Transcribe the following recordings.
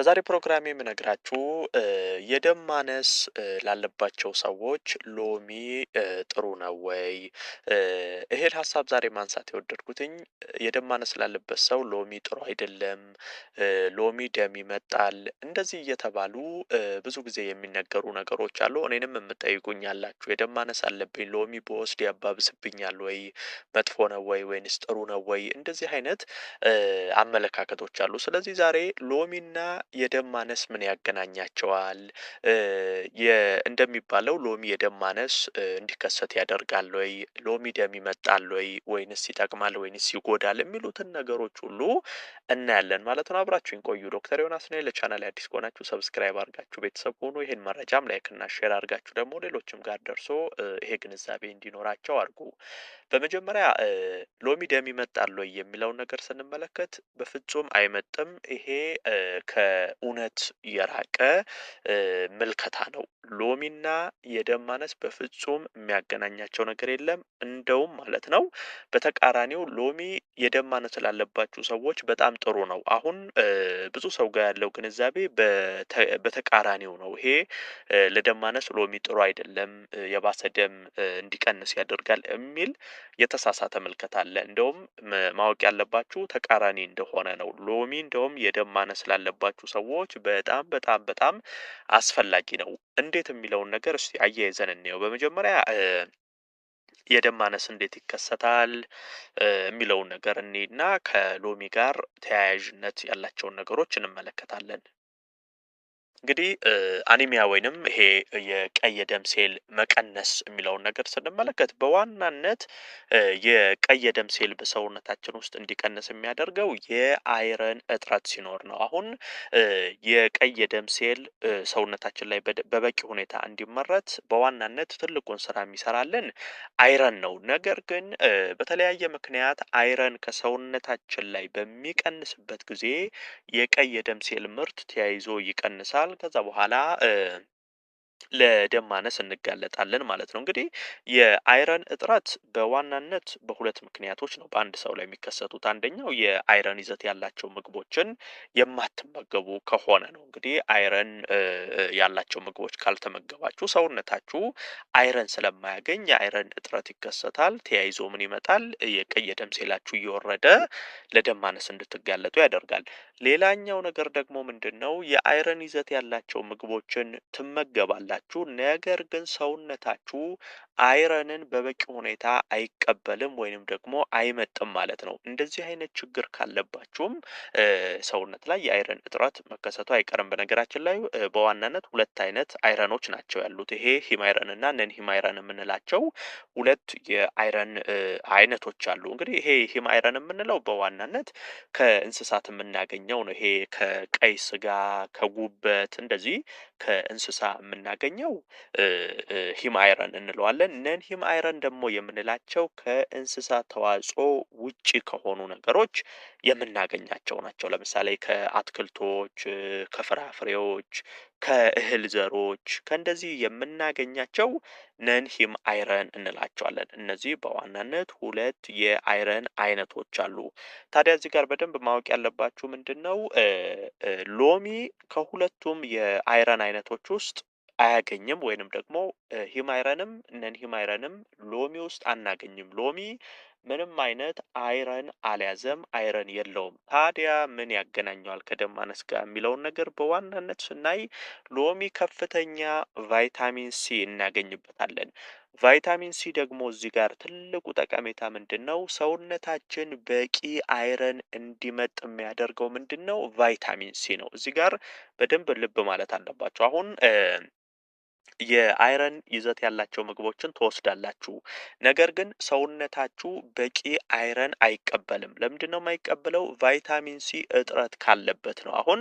በዛሬ ፕሮግራም የምነግራችሁ የደም ማነስ ላለባቸው ሰዎች ሎሚ ጥሩ ነው ወይ? ይሄን ሀሳብ ዛሬ ማንሳት የወደድኩትኝ የደም ማነስ ላለበት ሰው ሎሚ ጥሩ አይደለም፣ ሎሚ ደም ይመጣል፣ እንደዚህ እየተባሉ ብዙ ጊዜ የሚነገሩ ነገሮች አሉ። እኔንም የምጠይቁኝ ያላችሁ የደም ማነስ አለብኝ፣ ሎሚ በወስድ ያባብስብኛል ወይ? መጥፎ ነው ወይ? ወይንስ ጥሩ ነው ወይ? እንደዚህ አይነት አመለካከቶች አሉ። ስለዚህ ዛሬ ሎሚና የደም ማነስ ምን ያገናኛቸዋል? እንደሚባለው ሎሚ የደም ማነስ እንዲከሰት ያደርጋል ወይ? ሎሚ ደም ይመጣል ወይ? ወይንስ ይጠቅማል ወይንስ ይጎዳል? የሚሉትን ነገሮች ሁሉ እናያለን ማለት ነው። አብራችሁኝ ቆዩ። ዶክተር ዮናስ ነኝ። ለቻናል አዲስ ከሆናችሁ ሰብስክራይብ አድርጋችሁ ቤተሰብ ሆኑ። ይህን መረጃም ላይክና ሼር አድርጋችሁ ደግሞ ሌሎችም ጋር ደርሶ ይሄ ግንዛቤ እንዲኖራቸው አድርጉ። በመጀመሪያ ሎሚ ደም ይመጣል ወይ የሚለውን ነገር ስንመለከት በፍጹም አይመጥም። ይሄ ከ ከእውነት የራቀ ምልከታ ነው። ሎሚና የደም ማነስ በፍጹም የሚያገናኛቸው ነገር የለም። እንደውም ማለት ነው በተቃራኒው ሎሚ የደም ማነስ ላለባችሁ ሰዎች በጣም ጥሩ ነው። አሁን ብዙ ሰው ጋር ያለው ግንዛቤ በተቃራኒው ነው። ይሄ ለደም ማነስ ሎሚ ጥሩ አይደለም፣ የባሰ ደም እንዲቀንስ ያደርጋል የሚል የተሳሳተ ምልከታ አለ። እንደውም ማወቅ ያለባችሁ ተቃራኒ እንደሆነ ነው። ሎሚ እንደውም የደም ማነስ ላለባችሁ ላላችሁ ሰዎች በጣም በጣም በጣም አስፈላጊ ነው። እንዴት የሚለውን ነገር እስቲ አያይዘን እንየው። በመጀመሪያ የደም ማነስ እንዴት ይከሰታል የሚለውን ነገር እኔና ከሎሚ ጋር ተያያዥነት ያላቸውን ነገሮች እንመለከታለን። እንግዲህ አኒሚያ ወይንም ይሄ የቀይ ደም ሴል መቀነስ የሚለውን ነገር ስንመለከት በዋናነት የቀይ ደም ሴል በሰውነታችን ውስጥ እንዲቀንስ የሚያደርገው የአይረን እጥረት ሲኖር ነው። አሁን የቀይ ደም ሴል ሰውነታችን ላይ በበቂ ሁኔታ እንዲመረት በዋናነት ትልቁን ስራ የሚሰራልን አይረን ነው። ነገር ግን በተለያየ ምክንያት አይረን ከሰውነታችን ላይ በሚቀንስበት ጊዜ የቀይ ደም ሴል ምርት ተያይዞ ይቀንሳል። ከዛ በኋላ ለደም ማነስ እንጋለጣለን ማለት ነው። እንግዲህ የአይረን እጥረት በዋናነት በሁለት ምክንያቶች ነው በአንድ ሰው ላይ የሚከሰቱት። አንደኛው የአይረን ይዘት ያላቸው ምግቦችን የማትመገቡ ከሆነ ነው። እንግዲህ አይረን ያላቸው ምግቦች ካልተመገባችሁ ሰውነታችሁ አይረን ስለማያገኝ የአይረን እጥረት ይከሰታል። ተያይዞ ምን ይመጣል? የቀይ የደም ሴላችሁ እየወረደ ለደም ማነስ እንድትጋለጡ ያደርጋል። ሌላኛው ነገር ደግሞ ምንድን ነው? የአይረን ይዘት ያላቸው ምግቦችን ትመገባል ትችላላችሁ። ነገር ግን ሰውነታችሁ አይረንን በበቂ ሁኔታ አይቀበልም ወይንም ደግሞ አይመጥም ማለት ነው። እንደዚህ አይነት ችግር ካለባችሁም ሰውነት ላይ የአይረን እጥረት መከሰቱ አይቀርም። በነገራችን ላይ በዋናነት ሁለት አይነት አይረኖች ናቸው ያሉት። ይሄ ሂማይረን እና ነን ሂማይረን የምንላቸው ሁለት የአይረን አይነቶች አሉ። እንግዲህ ይሄ ሂማይረን የምንለው በዋናነት ከእንስሳት የምናገኘው ነው። ይሄ ከቀይ ስጋ፣ ከጉበት እንደዚህ ከእንስሳ የምናገኘው የምናገኘው ሂም አይረን እንለዋለን። እነን ሂም አይረን ደግሞ የምንላቸው ከእንስሳ ተዋጽኦ ውጪ ከሆኑ ነገሮች የምናገኛቸው ናቸው። ለምሳሌ ከአትክልቶች፣ ከፍራፍሬዎች፣ ከእህል ዘሮች ከእንደዚህ የምናገኛቸው ነን ሂም አይረን እንላቸዋለን። እነዚህ በዋናነት ሁለት የአይረን አይነቶች አሉ። ታዲያ እዚህ ጋር በደንብ ማወቅ ያለባችሁ ምንድን ነው ሎሚ ከሁለቱም የአይረን አይነቶች ውስጥ አያገኝም ወይንም ደግሞ ሂማይረንም እነን ሂማይረንም ሎሚ ውስጥ አናገኝም። ሎሚ ምንም አይነት አይረን አልያዘም፣ አይረን የለውም። ታዲያ ምን ያገናኘዋል ከደም ማነስ ጋር የሚለውን ነገር በዋናነት ስናይ ሎሚ ከፍተኛ ቫይታሚን ሲ እናገኝበታለን። ቫይታሚን ሲ ደግሞ እዚህ ጋር ትልቁ ጠቀሜታ ምንድን ነው? ሰውነታችን በቂ አይረን እንዲመጥ የሚያደርገው ምንድን ነው? ቫይታሚን ሲ ነው። እዚህ ጋር በደንብ ልብ ማለት አለባቸው። አሁን የአይረን ይዘት ያላቸው ምግቦችን ትወስዳላችሁ። ነገር ግን ሰውነታችሁ በቂ አይረን አይቀበልም። ለምንድን ነው የማይቀበለው? ቫይታሚን ሲ እጥረት ካለበት ነው። አሁን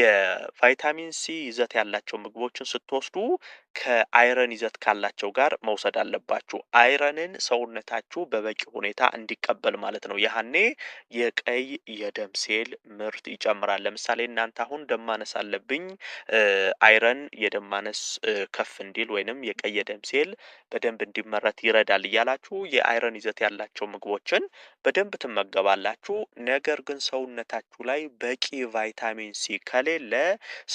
የቫይታሚን ሲ ይዘት ያላቸው ምግቦችን ስትወስዱ ከአይረን ይዘት ካላቸው ጋር መውሰድ አለባችሁ። አይረንን ሰውነታችሁ በበቂ ሁኔታ እንዲቀበል ማለት ነው። ያህኔ የቀይ የደም ሴል ምርት ይጨምራል። ለምሳሌ እናንተ አሁን ደም ማነስ አለብኝ፣ አይረን የደም ማነስ ከፍ እንዲል ወይንም የቀይ የደም ሴል በደንብ እንዲመረት ይረዳል እያላችሁ የአይረን ይዘት ያላቸው ምግቦችን በደንብ ትመገባላችሁ። ነገር ግን ሰውነታችሁ ላይ በቂ ቫይታሚን ሲ ከሌለ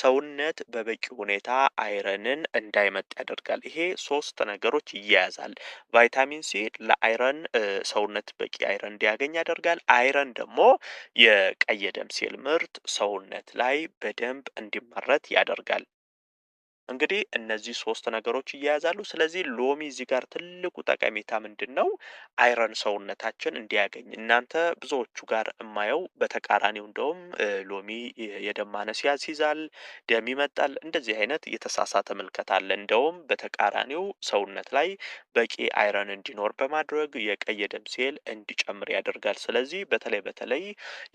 ሰውነት በበቂ ሁኔታ አይረንን እንዳይ እንዳይመጥ ያደርጋል። ይሄ ሶስት ነገሮች ይያያዛል። ቫይታሚን ሲ ለአይረን ሰውነት በቂ አይረን እንዲያገኝ ያደርጋል። አይረን ደግሞ የቀይ ደም ሴል ምርት ሰውነት ላይ በደንብ እንዲመረት ያደርጋል። እንግዲህ እነዚህ ሶስት ነገሮች እያያዛሉ ስለዚህ ሎሚ እዚህ ጋር ትልቁ ጠቀሜታ ምንድን ነው? አይረን ሰውነታችን እንዲያገኝ። እናንተ ብዙዎቹ ጋር የማየው በተቃራኒው እንደውም ሎሚ የደም ማነስ ያስይዛል፣ ደም ይመጣል፣ እንደዚህ አይነት የተሳሳተ ምልከት አለ። እንደውም በተቃራኒው ሰውነት ላይ በቂ አይረን እንዲኖር በማድረግ የቀይ ደም ሴል እንዲጨምር ያደርጋል። ስለዚህ በተለይ በተለይ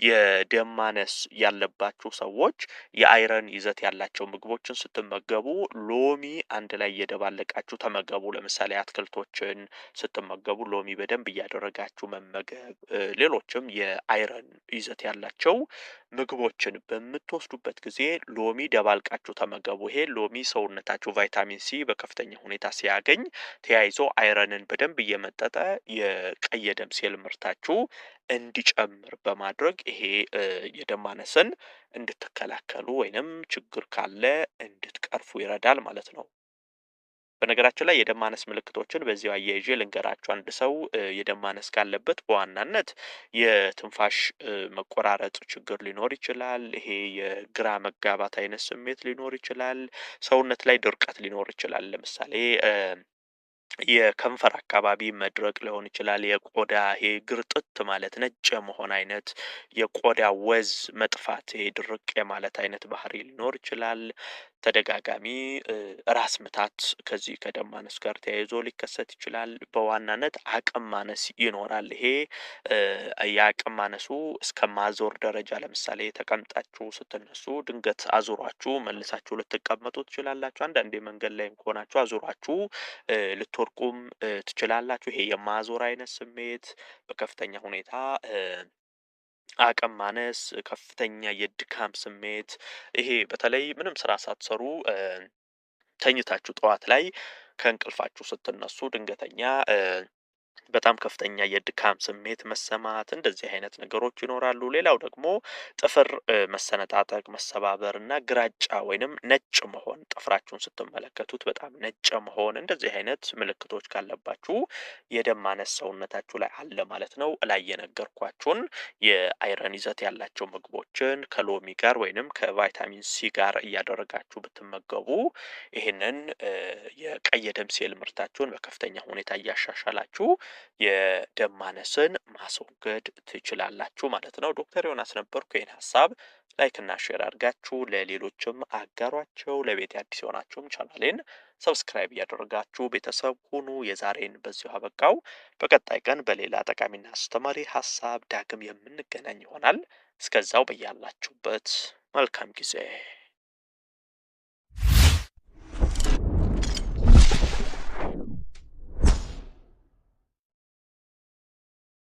የደም ማነስ ያለባችሁ ሰዎች የአይረን ይዘት ያላቸው ምግቦችን ስትመገቡ ሎሚ አንድ ላይ እየደባለቃችሁ ተመገቡ። ለምሳሌ አትክልቶችን ስትመገቡ ሎሚ በደንብ እያደረጋችሁ መመገብ፣ ሌሎችም የአይረን ይዘት ያላቸው ምግቦችን በምትወስዱበት ጊዜ ሎሚ ደባልቃችሁ ተመገቡ። ይሄ ሎሚ ሰውነታችሁ ቫይታሚን ሲ በከፍተኛ ሁኔታ ሲያገኝ ተያይዞ አይረንን በደንብ እየመጠጠ የቀይ የደም ሴል ምርታችሁ እንዲጨምር በማድረግ ይሄ የደም ማነስን እንድትከላከሉ ወይንም ችግር ካለ እንድትቀርፉ ይረዳል ማለት ነው። በነገራችን ላይ የደም ማነስ ምልክቶችን በዚያው አያይዤ ልንገራችሁ። አንድ ሰው የደም ማነስ ካለበት በዋናነት የትንፋሽ መቆራረጥ ችግር ሊኖር ይችላል። ይሄ የግራ መጋባት አይነት ስሜት ሊኖር ይችላል። ሰውነት ላይ ድርቀት ሊኖር ይችላል። ለምሳሌ የከንፈር አካባቢ መድረቅ ሊሆን ይችላል። የቆዳ ይሄ ግርጥት ማለት ነጭ የመሆን አይነት የቆዳ ወዝ መጥፋት ይሄ ድርቅ የማለት አይነት ባህሪ ሊኖር ይችላል። ተደጋጋሚ ራስ ምታት ከዚህ ከደም ማነስ ጋር ተያይዞ ሊከሰት ይችላል። በዋናነት አቅም ማነስ ይኖራል። ይሄ የአቅም ማነሱ እስከ ማዞር ደረጃ ለምሳሌ ተቀምጣችሁ ስትነሱ ድንገት አዙሯችሁ መልሳችሁ ልትቀመጡ ትችላላችሁ። አንዳንዴ መንገድ ላይም ከሆናችሁ አዙሯችሁ ልትወርቁም ትችላላችሁ። ይሄ የማዞር አይነት ስሜት በከፍተኛ ሁኔታ አቅም ማነስ፣ ከፍተኛ የድካም ስሜት ይሄ በተለይ ምንም ስራ ሳትሰሩ ተኝታችሁ ጠዋት ላይ ከእንቅልፋችሁ ስትነሱ ድንገተኛ በጣም ከፍተኛ የድካም ስሜት መሰማት፣ እንደዚህ አይነት ነገሮች ይኖራሉ። ሌላው ደግሞ ጥፍር መሰነጣጠቅ፣ መሰባበር እና ግራጫ ወይንም ነጭ መሆን ጥፍራችሁን ስትመለከቱት በጣም ነጭ መሆን እንደዚህ አይነት ምልክቶች ካለባችሁ የደም ማነስ ሰውነታችሁ ላይ አለ ማለት ነው። ላይ የነገርኳችሁን የአይረን ይዘት ያላቸው ምግቦችን ከሎሚ ጋር ወይንም ከቫይታሚን ሲ ጋር እያደረጋችሁ ብትመገቡ ይህንን የቀይ ደም ሴል ምርታችሁን በከፍተኛ ሁኔታ እያሻሻላችሁ የደም ማነስን ማስወገድ ትችላላችሁ ማለት ነው። ዶክተር ዮናስ ነበርኩ። ይህን ሀሳብ ላይክና ሼር አድርጋችሁ ለሌሎችም አጋሯቸው። ለቤት አዲስ የሆናችሁም ቻናሌን ሰብስክራይብ እያደረጋችሁ ቤተሰብ ሁኑ። የዛሬን በዚሁ አበቃው። በቀጣይ ቀን በሌላ ጠቃሚና አስተማሪ ሀሳብ ዳግም የምንገናኝ ይሆናል። እስከዛው በያላችሁበት መልካም ጊዜ